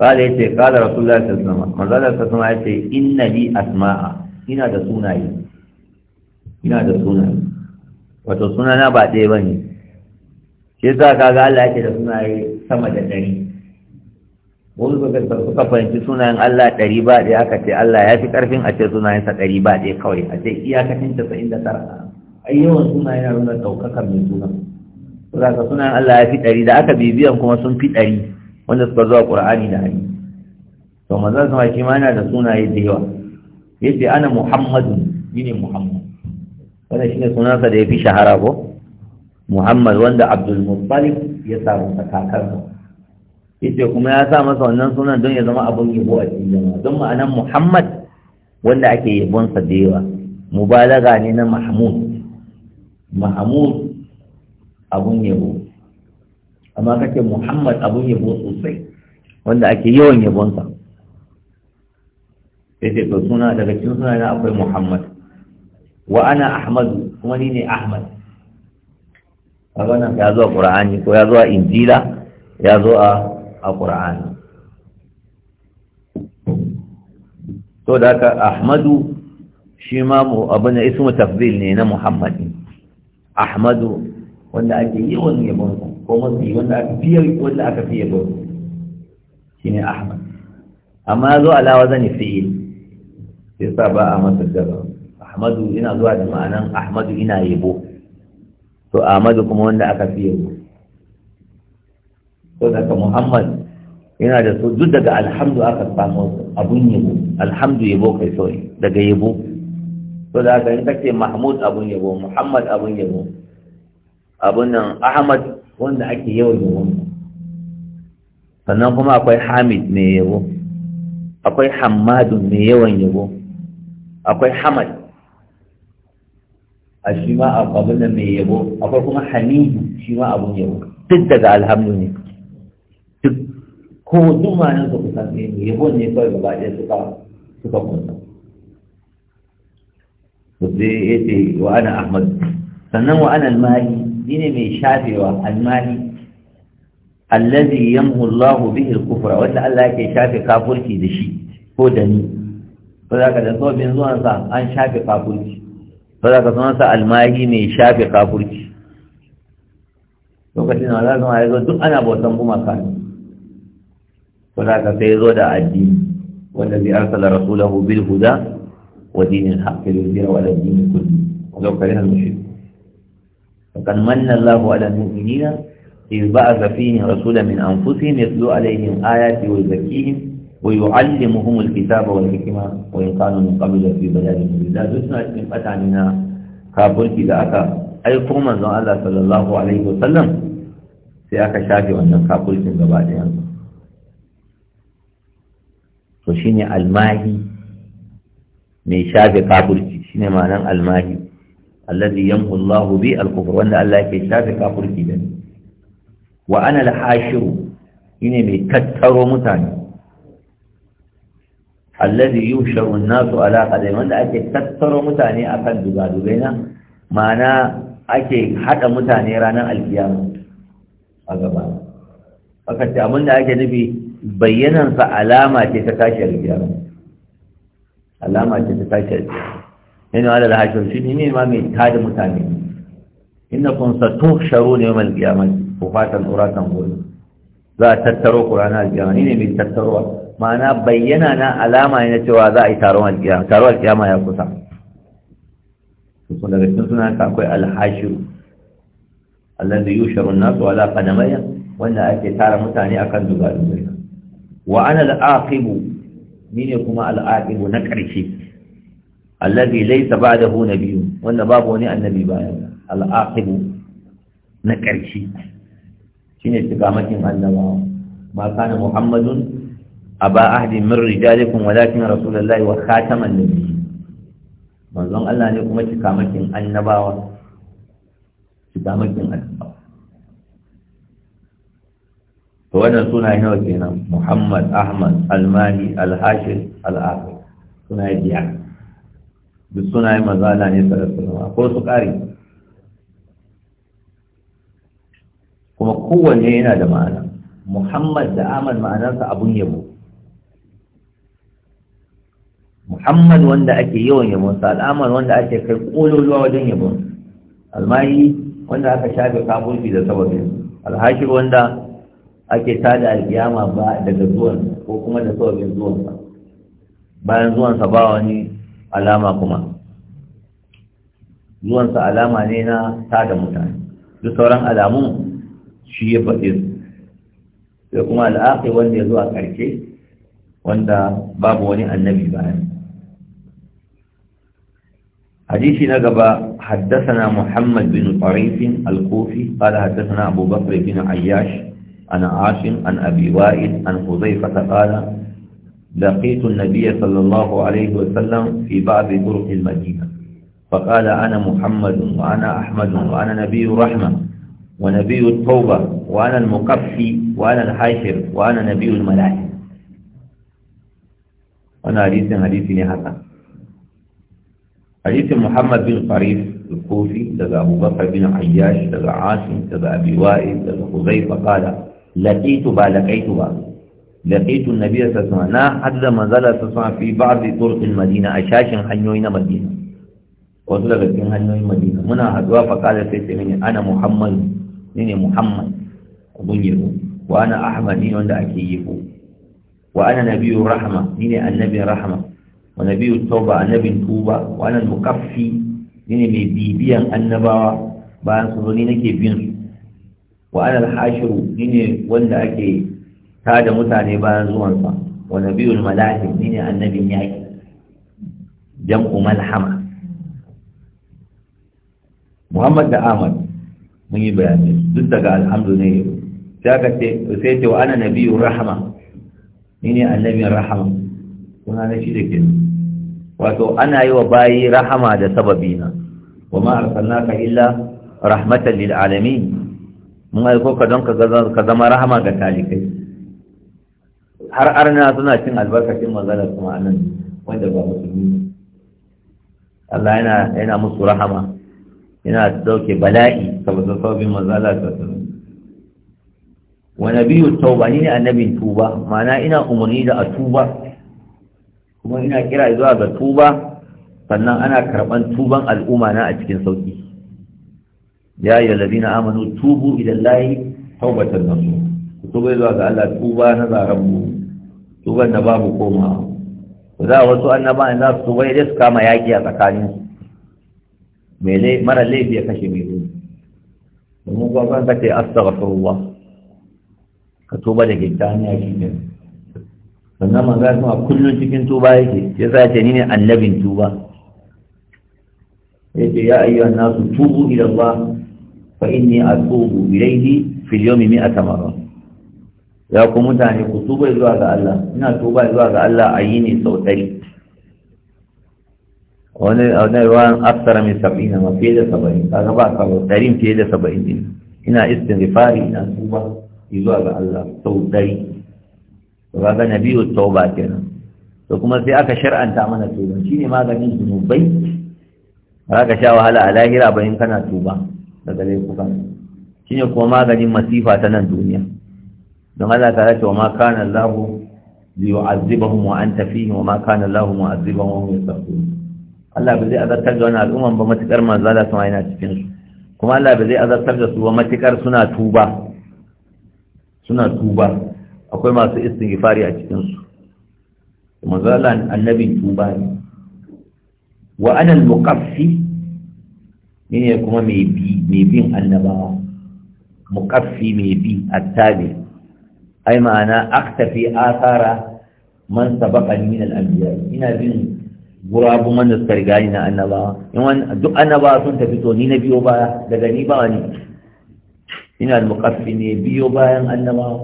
قال يتي قال رسول الله صلى الله عليه وسلم ما زال صلى الله عليه وسلم ina da sunaye ina da sunaye wato sunana ba ɗaya ba ne shi yasa kaga Allah yake da sunaye sama da ɗari wasu suka fahimci sunayen Allah ɗari ba ɗaya aka ce Allah ya fi ƙarfin a ce sunayensa ɗari ba ɗaya kawai a ce iyakacin casa'in da tara ai yawan sunayen yana nuna ɗaukakar mai suna za ka sunayen Allah ya fi ɗari da aka bibiyan kuma sun fi ɗari wanda suka zuwa ƙur'ani da hari. to manzon sama shi ma yana da sunaye da yawa Yadda ana muhammadu ne muhammad wannan ne sunansa da ya fi shahara ko muhammad wanda abdul ya samu sakakarsa yace kuma ya sa masa wannan sunan don ya zama abun yabo a cikin jama'a don ma'anar Muhammad wanda ake yabon sa da yawa mubalaga ne na Mahmud Mahmud abun yabo amma kake Muhammad abun yabo sosai wanda ake yawan yabon sa yace ce to suna daga cikin suna na akwai Muhammad wa ana Ahmadu kuma ni ne Ahmad kaga nan ya zo Qur'ani ko ya zo Injila ya zo a a ƙura'ani to da aka ahmadu shi ma abin da ismu tafzil ne na muhammadin ahmadu wanda ake yi yawan yabon ko mafi wanda aka fiye wanda aka fiye ba shi ne ahmad amma ya zo alawa zani fi'il sai sa ba a masa jaba ahmadu ina zuwa da ma'anan ahmadu ina yabo to ahmadu kuma wanda aka fiye ba to daga muhammad yana da su duk daga alhamdu aka samu abun yabo alhamdu yabo kai sauri daga yabo to da haka in kace mahmud abun yabo muhammad abun yabo abun nan ahmad wanda ake yawan yabo sannan kuma akwai hamid mai yabo akwai hamadun mai yawan yabo akwai hamad a shi ma abin nan mai yabo akwai kuma hamidu shi ma abun yabo duk daga alhamdu ne ko duk nan su kusan ne yabon ne kawai ba ɗaya suka suka kunsa sai ya ce wa ana ahmad sannan wa ana almahi ni ne mai shafewa almahi allazi yamhu Allahu bihi al-kufra wanda Allah yake shafe kafurki da shi ko da ni ba za ka da sababin zuwan sa an shafe kafurki. ba za ka sunan sa almahi mai shafe kafurki. lokacin da Allah ya zo duk ana bautan kuma ne ko za ka sai zo da addini wanda zai arsala rasulahu bil huda wa dinil haqqi liyudhira ala dini kulli walau kariha al-mushrikun فقد من الله على المؤمنين إذ بعث فيهم رسولا من أنفسهم يتلو عليهم آياتي ويزكيهم ويعلمهم الكتاب والحكمة وإن كانوا من قبل في بلاد مبين لا تسمع اسم أتعنينا كابرك إذا أتى أي قوم الله صلى الله عليه وسلم سيأك شافي وأن كابرك من بعد ينصر to shine almahi mai shafe kafurci shine ma'anan almahi alladhi yamhu Allahu bi al wanda Allah yake shafe kafurci da wa ana al-hashiru shine mai tattaro mutane alladhi yusharu an-nasu ala qadami wanda ake tattaro mutane akan dugadugai na ma'ana ake hada mutane ranar alkiyama a gaba aka ce abin ake nufi bayyanansa alama ce ta tashi alkiyama alama ce ta tashi alkiyama yana ala alhashir shi ne ma mai tada mutane inna kun satun sharo ne mai alkiyama ko fatan uratan gudu za a tattaro ƙurana alkiyama ne mai tattarowa ma'ana bayyana na alama ne na cewa za a yi taron alkiyama taron alkiyama ya kusa daga cikin suna akwai alhashiru da yusharu an-nasu ala qadamayya wanda ake tara mutane akan dubaru wa ana al'aqibu ni ne kuma al'aqibu na ƙarshe allazi laysa ba'dahu nabiyyun wanda babu wani annabi baya. al'aqibu na ƙarshe shine stigamatin annabawa ma kana muhammadun aba ahdi min rijalikum walakin rasulullahi wa khataman nabiyyin manzon Allah ne kuma cikamakin annabawa cikamakin annabawa to wannan suna nawa kenan muhammad ahmad almani alhashir al'afir suna biya? duk suna yi mazala ne sarrafa ko su ƙari kuma kowanne yana da ma'ana muhammad da ahmad ma'anarsa abun yabo muhammad wanda ake yawan sa al'amar wanda ake kai ƙololuwa wajen yabon almani wanda aka shafe kafurfi da sababin alhashir wanda ake tada alkiyama ba daga zuwan ko kuma da sababin zuwansa bayan zuwansa ba wani alama kuma zuwansa alama ne na tada mutane duk sauran alamun shi ya faɗi su sai kuma al'aƙi wanda ya zo a ƙarshe wanda babu wani annabi bayan حديث نقبة حدثنا محمد بن طريف الكوفي قال حدثنا أبو بكر بن عياش عن عاشم عن أبي وائل عن حذيفة قال لقيت النبي صلى الله عليه وسلم في بعض طرق المدينة فقال أنا محمد وأنا أحمد وأنا نبي رحمة ونبي التوبة وأنا المقفي وأنا الحاشر وأنا نبي الملائكة وأنا حديث حديث هذا حديث محمد بن طريف الكوفي لدى أبو بكر بن عياش لدى عاصم لدى أبي وائل لدى حذيفة قال laqitu ba laqaitu ba laqitu nabiyya sallallahu alaihi wasallam na hadda manzala sallallahu fi ba'd turqil madina a shashin hanyoyi na madina wasu daga cikin hanyoyin madina muna haɗuwa fa kala sai ce mini ana muhammad ni ne muhammad abun yabo wa ana ahmad ni wanda ake ko? wa ana nabiyu rahma ni ne annabin rahma wa nabiyyu tauba annabin tuba wa ana mukaffi ni ne mai bibiyan annabawa bayan su zo ni nake bin su wa ana al-hashiru ne wanda ake tada mutane bayan zuwansa wa nabiyul malahim ne annabin yaki jam'u malhama Muhammad da Ahmad mun yi bayani duk daga alhamdu ne sai aka ce sai ce wa ana nabiyur rahama ne annabin rahama kuna na shi da kenan wato ana yi wa bayi rahama da sababina wa ma arsalnaka illa rahmatan lil alamin mun aiko ka don ka zama rahama ga talikai har arna suna cin albarkacin manzalar kuma nan wanda ba musulmi Allah yana yana musu rahama yana dauke bala'i saboda mazalar manzalar ta wa nabiyyu tauba ni ne annabin tuba ma'ana ina umarni da a tuba kuma ina kira zuwa ga tuba sannan ana karban tuban al'umma na a cikin sauki ya yi lalazina amanu tubu idan layi taubatar nasu ku tuba zuwa ga Allah tuba na zaren mu tuban da babu koma ku za wasu annaba za su tuba idan su kama yaƙi a tsakanin mai mara kashe mai laifi domin kuwa kan kace astaghfirullah ka tuba da gidan ya sannan manzo ya kuma cikin tuba yake ya sa ce ni ne annabin tuba yace ya nasu tubu فإني أتوب إليه في اليوم مئة مرة ya ku mutane ku tuba zuwa ga Allah ina tuba zuwa ga Allah a yi ne sau ɗari wani ruwan aftara mai saba'in ma fiye da saba'in kaga ba ka ɗari fiye da saba'in din ina istin istighfari ina tuba zuwa ga Allah sau ɗari to kaga nabiyu tauba kenan to kuma sai aka shar'anta mana tuba ne maganin zunubai ba ka sha wahala a lahira ba in kana tuba daga laifuka shi ne kuma maganin masifa ta nan duniya don Allah ta race wa ma kana Allah liyu'azzibahum wa an tafi? wa ma kana Allah ba zai azartar da al'umman ba matukar cikin su kuma Allah ba zai da su ba matukar suna tuba suna tuba akwai masu istighfari a cikin su manzo annabi tuba ne wa ana muqaffi ne kuma mai bin annabawa muƙaffi mai bi attabi ai ma'ana aktafi asara man sabaqani min al-anbiya ina bin gurabu man suka riga ni na annabawa in wani duk annabawa sun tafi to ni na biyo baya daga ni ba ni ina al-muqaffi ne biyo bayan annabawa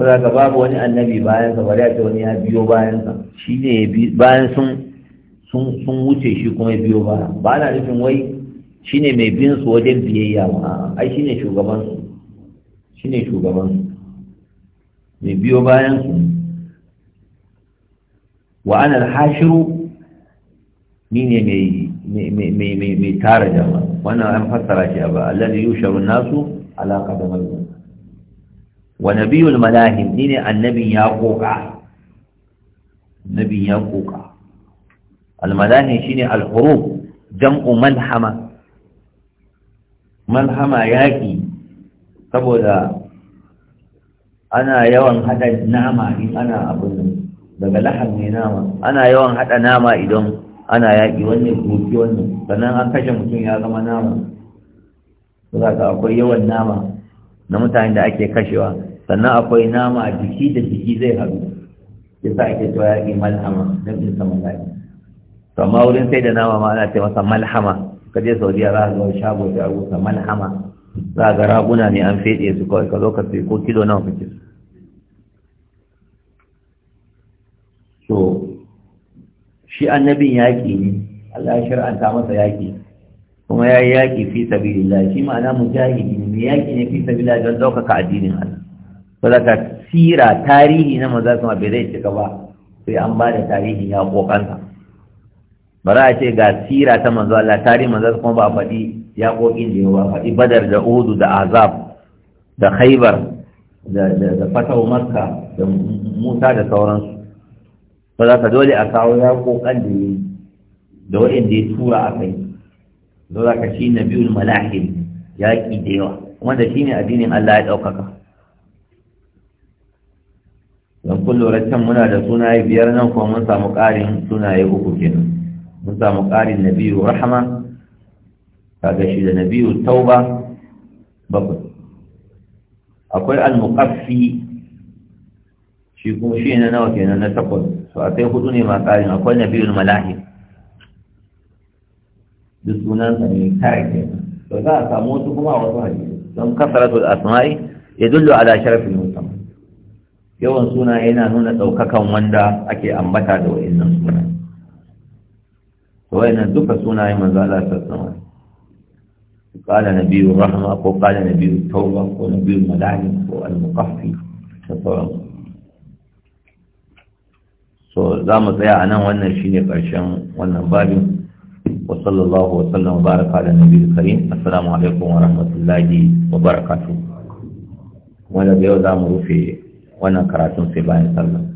ko babu wani annabi bayan sa wani ya biyo bayan sa shine bayan sun sun wuce shi kuma biyo ba ba na nufin wai shi ne mai bin su wajen biyayya ba ai shi ne shugabansu shi ne shugabansu mai biyo bayan su wa ana alhashiru ni ne mai tara jama wannan an fassara shi a ba alladhi yusharu nasu ala qadamal wa nabiyul malahim ni ne annabin ya koka annabin ya koka almadahin shine alhurub jam'u malhama malhama yaƙi saboda ana yawan haɗa nama idan ana abun daga lahar ne nama ana yawan haɗa nama idan ana yaƙi wannan goki wannan sannan an kashe mutum ya zama nama saboda akwai yawan nama na mutane da ake kashewa sannan akwai nama jiki da jiki zai haɗu ya sa ake cewa yaki malhama don in sama lafiya to amma wurin sai da nama ma ana ce masa malhama ka je saudiya za ka zo shago da rubuta malhama za ga raguna ne an fede su kawai ka zo ka sai ko kilo nawa kake so shi annabin yaƙi ne Allah ya shir'anta masa yaƙi kuma ya yi yaƙi fi sabilillah shi ma'ana mujahidi ne mai yaƙi ne fi sabilillah don ɗaukaka addinin Allah ba za ka tsira tarihi na maza sama bai zai cika ba sai an ba da tarihi ya ƙoƙanta ba za a ce ga sira ta manzo Allah tari manzo kuma ba faɗi ya kokin da ba faɗi badar da udu da azab da khaibar da fatawa makka da musa da sauransu ba za ka dole a kawo ya kokan da yi da waɗanda ya tura a kai zo za ka shi na biyu malahin yaƙi da yawa kuma da shi ne addinin Allah ya ɗaukaka don kullum lura can muna da sunaye biyar nan kuma mun samu ƙarin sunaye uku kenan mun samu ƙarin na biyu rahama kaga shi da na biyu tauba bakwai akwai al-muqaffi shi kuma shi ne nawa kenan na takwas so akai hudu ne ma ƙarin akwai na biyu malahi duk sunan sunansa ne kare kenan to za a samu wasu kuma a wasu hadisi don kasaratul asma'i yadullu ala sharafin musamman yawan suna yana nuna ɗaukakan wanda ake ambata da wa'innan suna wayannan duka sunayen manzo Allah sallallahu alaihi قال نبي الرحمة وقال ko التوبة ونبي الملائم والمقفي so za mu tsaya a nan wannan shi ne ƙarshen wannan babin wa sallallahu wa sallam baraka da nabi karim assalamu alaikum wa rahmatullahi wa barakatuh wanda da yau za mu rufe wannan karatun sai bayan sallah